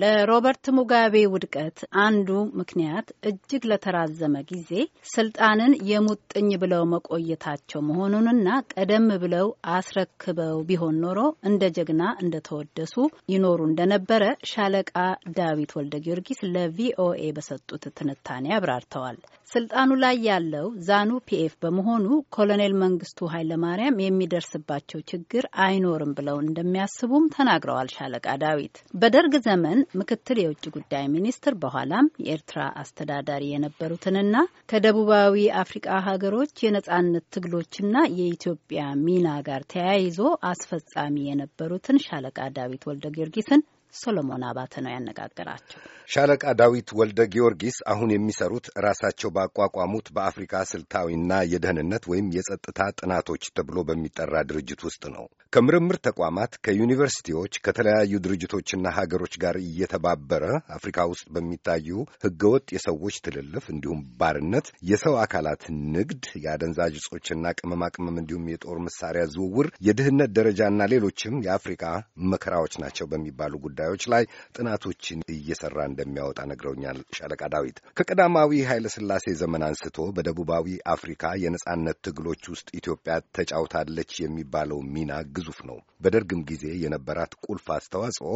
ለሮበርት ሙጋቤ ውድቀት አንዱ ምክንያት እጅግ ለተራዘመ ጊዜ ስልጣንን የሙጥኝ ብለው መቆየታቸው መሆኑንና ቀደም ብለው አስረክበው ቢሆን ኖሮ እንደ ጀግና እንደተወደሱ ይኖሩ እንደነበረ ሻለቃ ዳዊት ወልደ ጊዮርጊስ ለቪኦኤ በሰጡት ትንታኔ አብራርተዋል። ስልጣኑ ላይ ያለው ዛኑ ፒኤፍ በመሆኑ ኮሎኔል መንግስቱ ኃይለማርያም የሚደርስባቸው ችግር አይኖርም ብለው እንደሚያስቡም ተናግረዋል። ሻለቃ ዳዊት በደርግ ዘመን ምክትል የውጭ ጉዳይ ሚኒስትር በኋላም የኤርትራ አስተዳዳሪ የነበሩትንና ከደቡባዊ አፍሪቃ ሀገሮች የነጻነት ትግሎችና የኢትዮጵያ ሚና ጋር ተያይዞ አስፈጻሚ የነበሩትን ሻለቃ ዳዊት ወልደ ጊዮርጊስን ሰሎሞን አባተ ነው ያነጋገራቸው። ሻለቃ ዳዊት ወልደ ጊዮርጊስ አሁን የሚሰሩት ራሳቸው ባቋቋሙት በአፍሪካ ስልታዊና የደህንነት ወይም የጸጥታ ጥናቶች ተብሎ በሚጠራ ድርጅት ውስጥ ነው። ከምርምር ተቋማት፣ ከዩኒቨርሲቲዎች፣ ከተለያዩ ድርጅቶችና ሀገሮች ጋር እየተባበረ አፍሪካ ውስጥ በሚታዩ ህገወጥ የሰዎች ትልልፍ እንዲሁም ባርነት፣ የሰው አካላት ንግድ፣ የአደንዛዥ እጾችና ቅመማ ቅመም እንዲሁም የጦር መሳሪያ ዝውውር፣ የድህነት ደረጃና ሌሎችም የአፍሪካ መከራዎች ናቸው በሚባሉ ጉዳዮች ጉዳዮች ላይ ጥናቶችን እየሰራ እንደሚያወጣ ነግረውኛል ሻለቃ ዳዊት። ከቀዳማዊ ኃይለ ሥላሴ ዘመን አንስቶ በደቡባዊ አፍሪካ የነጻነት ትግሎች ውስጥ ኢትዮጵያ ተጫውታለች የሚባለው ሚና ግዙፍ ነው። በደርግም ጊዜ የነበራት ቁልፍ አስተዋጽኦ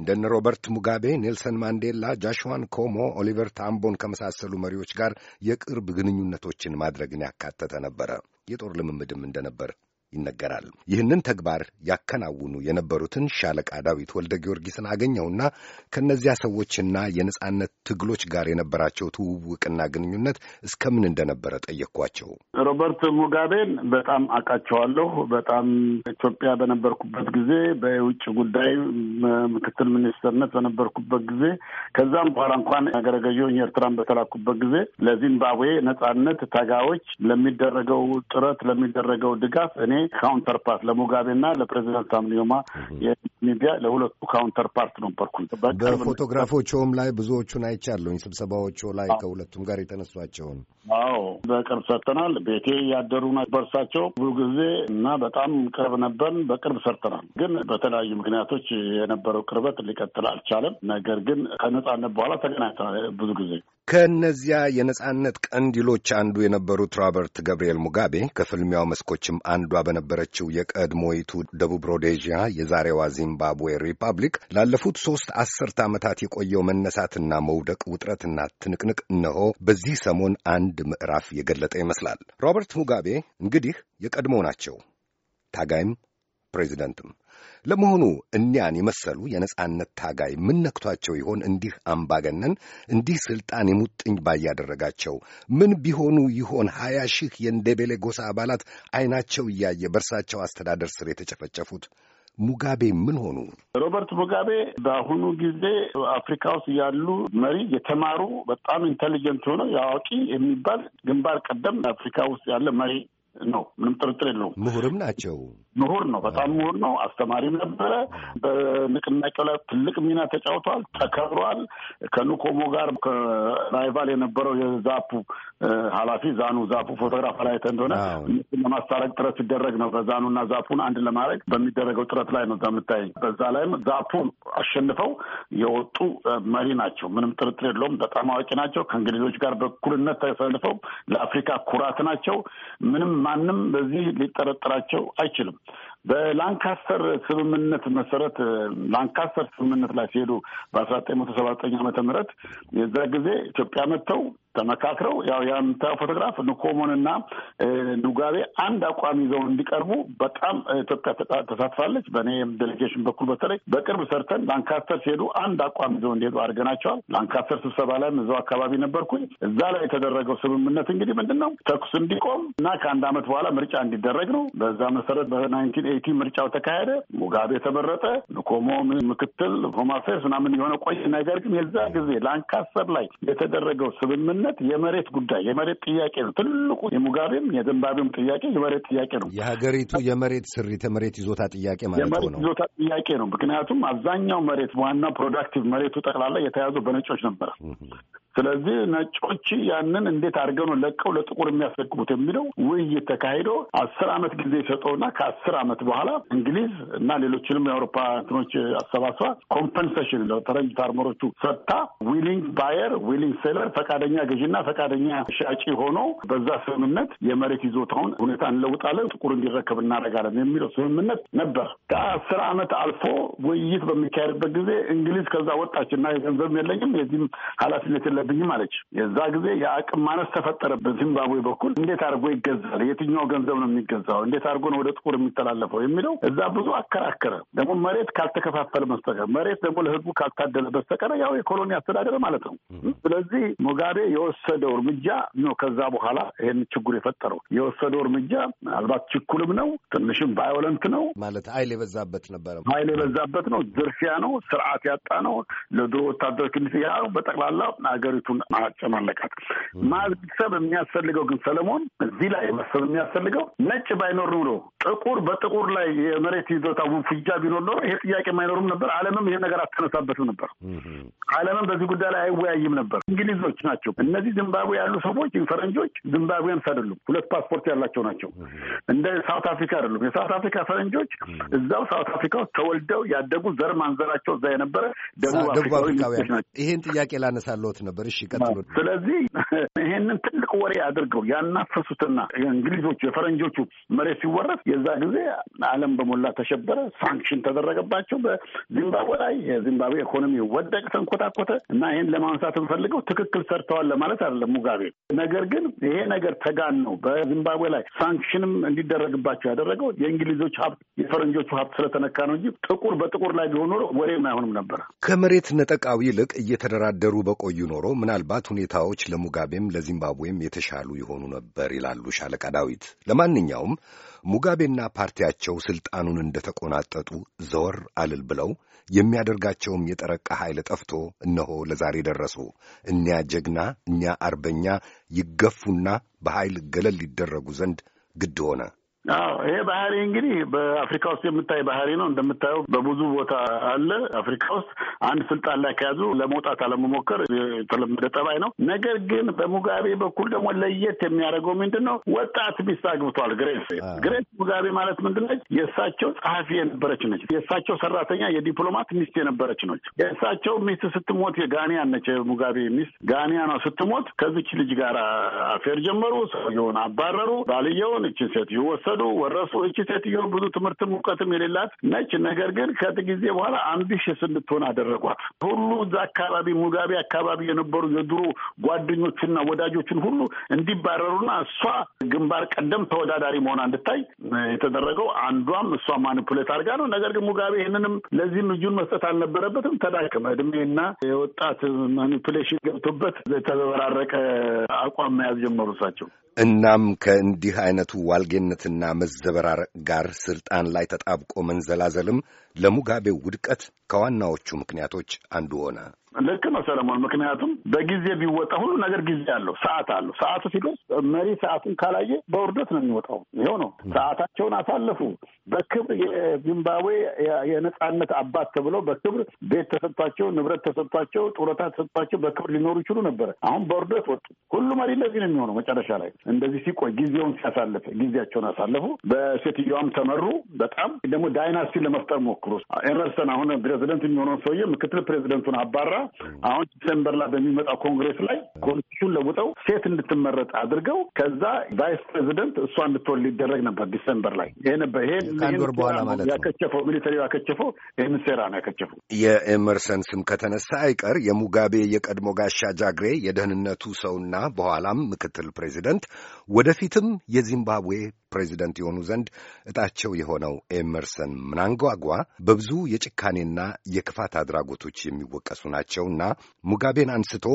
እንደነ ሮበርት ሙጋቤ፣ ኔልሰን ማንዴላ፣ ጃሽዋን ኮሞ፣ ኦሊቨር ታምቦን ከመሳሰሉ መሪዎች ጋር የቅርብ ግንኙነቶችን ማድረግን ያካተተ ነበረ። የጦር ልምምድም እንደነበር ይነገራል። ይህንን ተግባር ያከናውኑ የነበሩትን ሻለቃ ዳዊት ወልደ ጊዮርጊስን አገኘውና ከእነዚያ ሰዎችና የነጻነት ትግሎች ጋር የነበራቸው ትውውቅና ግንኙነት እስከምን እንደነበረ ጠየኳቸው ሮበርት ሙጋቤን በጣም አውቃቸዋለሁ። በጣም ኢትዮጵያ በነበርኩበት ጊዜ በውጭ ጉዳይ ምክትል ሚኒስትርነት በነበርኩበት ጊዜ ከዛም በኋላ እንኳን ሀገረ ገዢውን ኤርትራን በተላኩበት ጊዜ ለዚምባብዌ ነጻነት ታጋዮች ለሚደረገው ጥረት ለሚደረገው ድጋፍ እኔ ካውንተር ፓርት ለሙጋቤና ለፕሬዚዳንት አምኒዮማ የሚዲያ ለሁለቱ ካውንተር ፓርት ነበርኩኝ። በፎቶግራፎችም ላይ ብዙዎቹን አይቻለሁኝ፣ ስብሰባዎች ላይ ከሁለቱም ጋር የተነሷቸውን። አዎ በቅርብ ሰርተናል። ቤቴ ያደሩ በርሳቸው ብዙ ጊዜ እና በጣም ቅርብ ነበርን። በቅርብ ሰርተናል። ግን በተለያዩ ምክንያቶች የነበረው ቅርበት ሊቀጥል አልቻለም። ነገር ግን ከነጻነት በኋላ ተገናኝተናል ብዙ ጊዜ ከእነዚያ የነጻነት ቀንዲሎች አንዱ የነበሩት ሮበርት ገብርኤል ሙጋቤ ከፍልሚያው መስኮችም አንዷ በነበረችው የቀድሞይቱ ደቡብ ሮዴዥያ የዛሬዋ ዚምባብዌ ሪፐብሊክ ላለፉት ሦስት አስርት ዓመታት የቆየው መነሳትና መውደቅ ውጥረትና ትንቅንቅ እነሆ በዚህ ሰሞን አንድ ምዕራፍ የገለጠ ይመስላል። ሮበርት ሙጋቤ እንግዲህ የቀድሞ ናቸው፣ ታጋይም ፕሬዚደንትም ለመሆኑ እኒያን የመሰሉ የነጻነት ታጋይ ምን ነክቷቸው ይሆን እንዲህ አምባገነን እንዲህ ስልጣን የሙጥኝ ባያደረጋቸው? ምን ቢሆኑ ይሆን ሀያ ሺህ የእንደቤሌ ጎሳ አባላት አይናቸው እያየ በእርሳቸው አስተዳደር ስር የተጨፈጨፉት? ሙጋቤ ምን ሆኑ? ሮበርት ሙጋቤ በአሁኑ ጊዜ አፍሪካ ውስጥ ያሉ መሪ የተማሩ በጣም ኢንቴሊጀንት ሆነው የአዋቂ የሚባል ግንባር ቀደም አፍሪካ ውስጥ ያለ መሪ ነው። ምንም ጥርጥር የለውም። ምሁርም ናቸው። ምሁር ነው። በጣም ምሁር ነው። አስተማሪም ነበረ። በንቅናቄው ላይ ትልቅ ሚና ተጫውቷል። ተከብሯል። ከኑኮሞ ጋር ራይቫል የነበረው የዛፑ ኃላፊ ዛኑ ዛፑ ፎቶግራፍ ላይ እንደሆነ ለማስታረቅ ጥረት ሲደረግ ነው። በዛኑ እና ዛፑን አንድ ለማድረግ በሚደረገው ጥረት ላይ ነው የምታይ። በዛ ላይም ዛፑ አሸንፈው የወጡ መሪ ናቸው። ምንም ጥርጥር የለውም። በጣም አዋቂ ናቸው። ከእንግሊዞች ጋር በእኩልነት ተሰልፈው ለአፍሪካ ኩራት ናቸው። ምንም ማንም በዚህ ሊጠረጠራቸው አይችልም። በላንካስተር ስምምነት መሰረት ላንካስተር ስምምነት ላይ ሲሄዱ በአስራ ዘጠኝ መቶ ሰባ ዘጠኝ ዓመተ ምህረት የዛ ጊዜ ኢትዮጵያ መጥተው ተመካክረው ያው የምታየው ፎቶግራፍ እና ኑጋቤ አንድ አቋም ይዘው እንዲቀርቡ በጣም ኢትዮጵያ ተሳትፋለች። በእኔ ዴሌጌሽን በኩል በተለይ በቅርብ ሰርተን ላንካስተር ሲሄዱ አንድ አቋም ይዘው እንዲሄዱ አድርገናቸዋል። ላንካስተር ስብሰባ ላይም እዛው አካባቢ ነበርኩኝ። እዛ ላይ የተደረገው ስምምነት እንግዲህ ምንድን ነው ተኩስ እንዲቆም እና ከአንድ ዓመት በኋላ ምርጫ እንዲደረግ ነው። በዛ መሰረት በናይንቲን ኤቲ ምርጫው ተካሄደ፣ ሙጋቤ ተመረጠ፣ ንኮሞ ምክትል ሆም አፌርስ ምናምን የሆነ ቆይ። ነገር ግን የዛ ጊዜ ላንካስተር ላይ የተደረገው ስምምነት የመሬት ጉዳይ የመሬት ጥያቄ ነው። ትልቁ የሙጋቤም የዘምባብዌም ጥያቄ የመሬት ጥያቄ ነው። የሀገሪቱ የመሬት ስሪት የመሬት ይዞታ ጥያቄ ማለት ነው። የመሬት ይዞታ ጥያቄ ነው። ምክንያቱም አብዛኛው መሬት ዋና ፕሮዳክቲቭ መሬቱ ጠቅላላ የተያዘው በነጮች ነበረ። ስለዚህ ነጮች ያንን እንዴት አድርገው ነው ለቀው ለጥቁር የሚያስረክቡት የሚለው ውይይት ተካሂዶ አስር አመት ጊዜ ሰጠውና ከአስር አመት በኋላ እንግሊዝ እና ሌሎችንም የአውሮፓ እንትኖች አሰባስባ ኮምፐንሴሽን ለፈረንጅ ፋርመሮቹ ሰጥታ ዊሊንግ ባየር ዊሊንግ ሴለር ፈቃደኛ ገዢና ፈቃደኛ ሻጪ ሆኖ በዛ ስምምነት የመሬት ይዞታውን ሁኔታ እንለውጣለን፣ ጥቁር እንዲረከብ እናደርጋለን የሚለው ስምምነት ነበር። ከአስር አመት አልፎ ውይይት በሚካሄድበት ጊዜ እንግሊዝ ከዛ ወጣች እና የገንዘብም የለኝም የዚህም ኃላፊነት የለ የለብኝም አለች። የዛ ጊዜ የአቅም ማነስ ተፈጠረ። በዚምባብዌ በኩል እንዴት አድርጎ ይገዛል? የትኛው ገንዘብ ነው የሚገዛው? እንዴት አድርጎ ነው ወደ ጥቁር የሚተላለፈው የሚለው እዛ ብዙ አከራከረ። ደግሞ መሬት ካልተከፋፈለ በስተቀር መሬት ደግሞ ለህዝቡ ካልታደለ በስተቀር ያው የኮሎኒ አስተዳደር ማለት ነው። ስለዚህ ሙጋቤ የወሰደው እርምጃ ነው ከዛ በኋላ ይህን ችግር የፈጠረው የወሰደው እርምጃ ምናልባት ችኩልም ነው፣ ትንሽም ቫዮለንት ነው ማለት ኃይል የበዛበት ነበረ። ኃይል የበዛበት ነው፣ ዝርፊያ ነው፣ ስርዓት ያጣ ነው። ለድሮ ወታደሮች ያ በጠቅላላ ሀገሪቱን አጨማለቃት። ማሰብ የሚያስፈልገው ግን ሰለሞን፣ እዚህ ላይ ማሰብ የሚያስፈልገው ነጭ ባይኖር ኑሮ ጥቁር በጥቁር ላይ የመሬት ይዞታ ውፍጃ ቢኖር ኖሮ ይሄ ጥያቄ አይኖርም ነበር። ዓለምም ይሄን ነገር አተነሳበትም ነበር። ዓለምም በዚህ ጉዳይ ላይ አይወያይም ነበር። እንግሊዞች ናቸው እነዚህ ዚምባብዌ ያሉ ሰዎች ፈረንጆች ዚምባብዌንስ አይደሉም። ሁለት ፓስፖርት ያላቸው ናቸው። እንደ ሳውት አፍሪካ አይደሉም። የሳውት አፍሪካ ፈረንጆች እዛው ሳውት አፍሪካ ውስጥ ተወልደው ያደጉ ዘር ማንዘራቸው እዛ የነበረ ደቡብ አፍሪካዊ ናቸው። ይሄን ጥያቄ ላነሳለሁት ነበር ነበር። እሺ ቀጥሉ። ስለዚህ ይሄንን ትልቅ ወሬ አድርገው ያናፈሱትና እንግሊዞቹ የፈረንጆቹ መሬት ሲወረስ የዛ ጊዜ ዓለም በሞላ ተሸበረ። ሳንክሽን ተደረገባቸው በዚምባብዌ ላይ የዚምባብዌ ኢኮኖሚ ወደቅ፣ ተንኮታኮተ እና ይህን ለማንሳት የምፈልገው ትክክል ሰርተዋል ለማለት አይደለም ሙጋቤ። ነገር ግን ይሄ ነገር ተጋን ነው በዚምባብዌ ላይ ሳንክሽንም እንዲደረግባቸው ያደረገው የእንግሊዞች ሀብት የፈረንጆቹ ሀብት ስለተነካ ነው እንጂ ጥቁር በጥቁር ላይ ቢሆን ኖሮ ወሬም አይሆንም ነበር። ከመሬት ነጠቃው ይልቅ እየተደራደሩ በቆዩ ኖሮ ምናልባት ሁኔታዎች ለሙጋቤም ለዚምባብዌም የተሻሉ የሆኑ ነበር ይላሉ ሻለቃ ዳዊት። ለማንኛውም ሙጋቤና ፓርቲያቸው ስልጣኑን እንደተቆናጠጡ ዘወር አልል ብለው የሚያደርጋቸውም የጠረቃ ኃይል ጠፍቶ እነሆ ለዛሬ ደረሱ። እኒያ ጀግና እኛ አርበኛ ይገፉና በኃይል ገለል ሊደረጉ ዘንድ ግድ ሆነ። አዎ ይሄ ባህሪ እንግዲህ በአፍሪካ ውስጥ የምታይ ባህሪ ነው። እንደምታየው በብዙ ቦታ አለ። አፍሪካ ውስጥ አንድ ስልጣን ላይ ከያዙ ለመውጣት አለመሞከር የተለመደ ጠባይ ነው። ነገር ግን በሙጋቤ በኩል ደግሞ ለየት የሚያደርገው ምንድን ነው? ወጣት ሚስት አግብቷል። ግሬስ ግሬስ ሙጋቤ ማለት ምንድን ነች? የእሳቸው ጸሐፊ የነበረች ነች። የእሳቸው ሰራተኛ፣ የዲፕሎማት ሚስት የነበረች ነች። የእሳቸው ሚስት ስትሞት የጋኒያን ነች። የሙጋቤ ሚስት ጋኒያኗ ስትሞት ከዚች ልጅ ጋር አፌር ጀመሩ። ሰውየውን አባረሩ። ባልየውን እችን ሴት ይወሰ ወሰዱ፣ ወረሱ። እቺ ሴትዮ ብዙ ትምህርትም እውቀትም የሌላት ነች። ነገር ግን ከት ጊዜ በኋላ አምቢሽስ እንድትሆን አደረጓት። ሁሉ እዛ አካባቢ ሙጋቤ አካባቢ የነበሩ የድሮ ጓደኞችና ወዳጆችን ሁሉ እንዲባረሩና እሷ ግንባር ቀደም ተወዳዳሪ መሆኗ እንድታይ የተደረገው አንዷም እሷ ማኒፑሌት አድርጋ ነው። ነገር ግን ሙጋቤ ይህንንም ለዚህም እጁን መስጠት አልነበረበትም። ተዳከመ። እድሜና የወጣት ማኒፑሌሽን ገብቶበት የተበራረቀ አቋም መያዝ ጀመሩ እሳቸው። እናም ከእንዲህ አይነቱ ዋልጌነትና መዘበራር ጋር ስልጣን ላይ ተጣብቆ መንዘላዘልም ለሙጋቤው ውድቀት ከዋናዎቹ ምክንያቶች አንዱ ሆነ። ልክ ነው ሰለሞን። ምክንያቱም በጊዜ ቢወጣ ሁሉ ነገር ጊዜ አለው፣ ሰዓት አለው። ሰዓቱ ሲደርስ መሪ ሰዓቱን ካላየ በውርደት ነው የሚወጣው። ይኸው ነው። ሰዓታቸውን አሳለፉ። በክብር የዚምባብዌ የነፃነት አባት ተብለው በክብር ቤት ተሰጥቷቸው፣ ንብረት ተሰጥቷቸው፣ ጡረታ ተሰጥቷቸው በክብር ሊኖሩ ይችሉ ነበረ። አሁን በውርደት ወጡ። ሁሉ መሪ እንደዚህ ነው የሚሆነው። መጨረሻ ላይ እንደዚህ ሲቆይ ጊዜውን ሲያሳልፍ ጊዜያቸውን አሳለፉ። በሴትዮዋም ተመሩ። በጣም ደግሞ ዳይናስቲ ለመፍጠር ሞከሩ። ሞክሩ። ኤመርሰን አሁን ፕሬዚደንት የሚሆነውን ሰውዬ ምክትል ፕሬዚደንቱን አባራ። አሁን ዲሴምበር ላይ በሚመጣው ኮንግሬስ ላይ ኮንስቲቱሽን ለውጠው ሴት እንድትመረጥ አድርገው ከዛ ቫይስ ፕሬዚደንት እሷ እንድትወል ሊደረግ ነበር ዲሴምበር ላይ። ይሄ ነበር ይሄ በኋላ ማለት ነው ያከቸፈው ሚሊተሪ ያከቸፈው ይህን ሴራ ነው ያከቸፈው። የኤመርሰን ስም ከተነሳ አይቀር የሙጋቤ የቀድሞ ጋሻ ጃግሬ የደህንነቱ ሰውና በኋላም ምክትል ፕሬዚደንት ወደፊትም የዚምባብዌ ፕሬዚደንት የሆኑ ዘንድ እጣቸው የሆነው ኤመርሰን ምናንጓጓ በብዙ የጭካኔና የክፋት አድራጎቶች የሚወቀሱ ናቸውና ሙጋቤን አንስቶ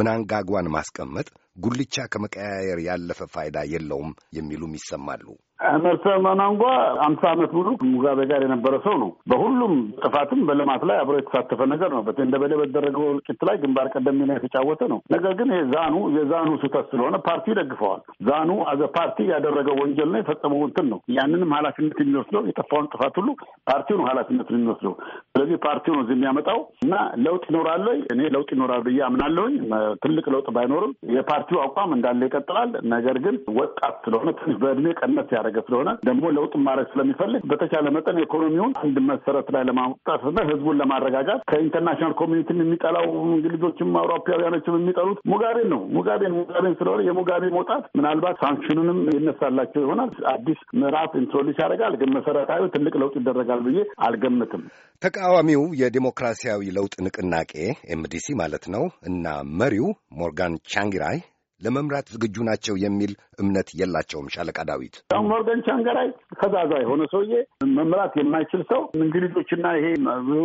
ምናንጋጓን ማስቀመጥ ጉልቻ ከመቀያየር ያለፈ ፋይዳ የለውም የሚሉም ይሰማሉ። መርሰ መናንጓ አምሳ ዓመት ሙሉ ሙጋቤ ጋር የነበረ ሰው ነው። በሁሉም ጥፋትም በልማት ላይ አብሮ የተሳተፈ ነገር ነው። በቴንደበሌ በተደረገው እልቂት ላይ ግንባር ቀደም ሚና የተጫወተ ነው። ነገር ግን ይሄ ዛኑ የዛኑ ስህተት ስለሆነ ፓርቲ ደግፈዋል። ዛኑ አዘ ፓርቲ ያደረገው ወንጀል ነው የፈጸመው እንትን ነው። ያንንም ኃላፊነት የሚወስደው የጠፋውን ጥፋት ሁሉ ፓርቲው ነው ኃላፊነት የሚወስደው። ስለዚህ ፓርቲው ነው እዚህ የሚያመጣው እና ለውጥ ይኖራል። እኔ ለውጥ ይኖራል ብዬ አምናለሁኝ። ትልቅ ለውጥ ባይኖርም የፓርቲው አቋም እንዳለ ይቀጥላል። ነገር ግን ወጣት ስለሆነ ትንሽ በእድሜ ቀነት እያደረገ ስለሆነ ደግሞ ለውጥ ማድረግ ስለሚፈልግ በተቻለ መጠን ኢኮኖሚውን አንድ መሰረት ላይ ለማውጣትና ህዝቡን ለማረጋጋት ከኢንተርናሽናል ኮሚኒቲም የሚጠላው እንግሊዞችም አውሮፓውያኖችም የሚጠሉት ሙጋቤን ነው። ሙጋቤን ሙጋቤን ስለሆነ የሙጋቤ መውጣት ምናልባት ሳንክሽኑንም ይነሳላቸው ይሆናል። አዲስ ምዕራፍ ኢንትሮዲስ ያደርጋል። ግን መሰረታዊ ትልቅ ለውጥ ይደረጋል ብዬ አልገምትም። ተቃዋሚው የዲሞክራሲያዊ ለውጥ ንቅናቄ ኤምዲሲ ማለት ነው እና መሪው ሞርጋን ቻንግራይ ለመምራት ዝግጁ ናቸው የሚል እምነት የላቸውም። ሻለቃ ዳዊት አሁን ኖርደን ቻንገራይ ፈዛዛ የሆነ ሰውዬ መምራት የማይችል ሰው እንግሊዞችና ይሄ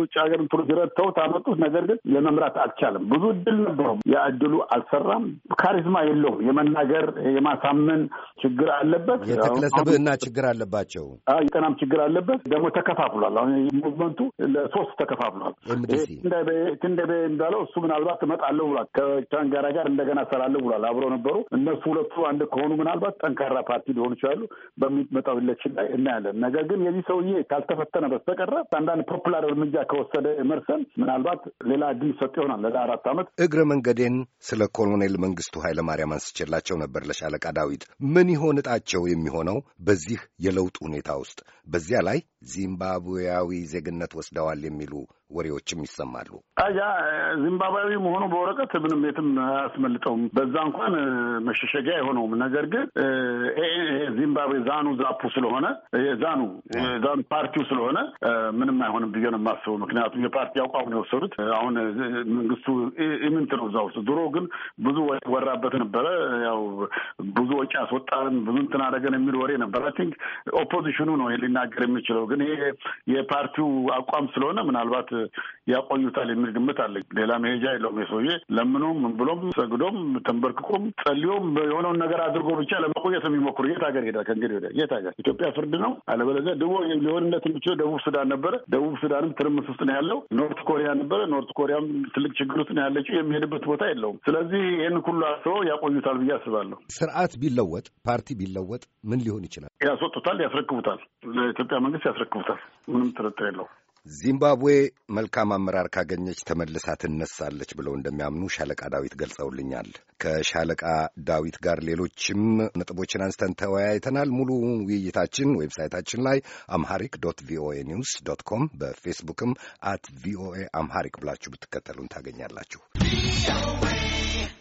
ውጭ ሀገር ቱርክ ረድተውት ታመጡት። ነገር ግን ለመምራት አልቻለም። ብዙ እድል ነበረው፣ የእድሉ አልሰራም። ካሪዝማ የለውም። የመናገር የማሳመን ችግር አለበት። የተክለ ሰብዕና ችግር አለባቸው። የጤናም ችግር አለበት። ደግሞ ተከፋፍሏል። አሁን ሙቭመንቱ ለሶስት ተከፋፍሏል። ትንደቤ እንዳለው እሱ ምናልባት እመጣለሁ ብሏል። ከቻንገራ ጋር እንደገና እሰራለሁ ብሏል። አብረው ነበሩ እነሱ ሁለቱ አንድ ከሆኑ ምናልባት ጠንካራ ፓርቲ ሊሆኑ ይችላሉ። በሚመጣው ኢሌክሽን ላይ እናያለን። ነገር ግን የዚህ ሰውዬ ካልተፈተነ በስተቀረ አንዳንድ ፖፑላር እርምጃ ከወሰደ መርሰን ምናልባት ሌላ እድል ይሰጡ ይሆናል አራት ዓመት። እግረ መንገዴን ስለ ኮሎኔል መንግስቱ ኃይለማርያም አንስቼላቸው ነበር ለሻለቃ ዳዊት። ምን ይሆን እጣቸው የሚሆነው በዚህ የለውጥ ሁኔታ ውስጥ? በዚያ ላይ ዚምባብዌያዊ ዜግነት ወስደዋል የሚሉ ወሬዎችም ይሰማሉ። ያ ዚምባብዌዊ መሆኑ በወረቀት ምንም የትም አያስመልጠውም። በዛ እንኳን መሸሸጊያ አይሆነውም። ነገር ግን ዚምባብዌ ዛኑ ዛፑ ስለሆነ የዛኑ ዛኑ ፓርቲው ስለሆነ ምንም አይሆንም ብዬ ነው የማስበው። ምክንያቱም የፓርቲ አቋም ነው የወሰዱት። አሁን መንግስቱ ኢምንት ነው እዛ ውስጥ። ድሮ ግን ብዙ ወራበት ነበረ። ያው ብዙ ወጪ አስወጣን፣ ብዙ እንትን አደረገን የሚል ወሬ ነበር። አይ ቲንክ ኦፖዚሽኑ ነው ሊናገር የሚችለው። ግን ይሄ የፓርቲው አቋም ስለሆነ ምናልባት ያቆዩታል የሚል ግምት አለ ሌላ መሄጃ የለውም። የሰውዬ ለምኖም ብሎም ሰግዶም ተንበርክቆም ጸልዮም የሆነውን ነገር አድርጎ ብቻ ለመቆየት የሚሞክሩ የት ሀገር ሄዳል? ከእንግዲህ ወዲያ የት ሀገር ኢትዮጵያ ፍርድ ነው። አለበለዚያ ድሮ ሊሆንነት የሚችለው ደቡብ ሱዳን ነበረ። ደቡብ ሱዳንም ትርምስ ውስጥ ነው ያለው። ኖርት ኮሪያ ነበረ። ኖርት ኮሪያም ትልቅ ችግር ውስጥ ነው ያለችው። የሚሄድበት ቦታ የለውም። ስለዚህ ይህን ሁሉ አስበው ያቆዩታል ብዬ አስባለሁ። ስርዓት ቢለወጥ፣ ፓርቲ ቢለወጥ ምን ሊሆን ይችላል? ያስወጡታል፣ ያስረክቡታል። ለኢትዮጵያ መንግስት ያስረክቡታል። ምንም ጥርጥር የለውም። ዚምባብዌ መልካም አመራር ካገኘች ተመልሳ ትነሳለች ብለው እንደሚያምኑ ሻለቃ ዳዊት ገልጸውልኛል። ከሻለቃ ዳዊት ጋር ሌሎችም ነጥቦችን አንስተን ተወያይተናል። ሙሉ ውይይታችን ዌብሳይታችን ላይ አምሃሪክ ዶት ቪኦኤ ኒውስ ዶት ኮም፣ በፌስቡክም አት ቪኦኤ አምሃሪክ ብላችሁ ብትከተሉን ታገኛላችሁ።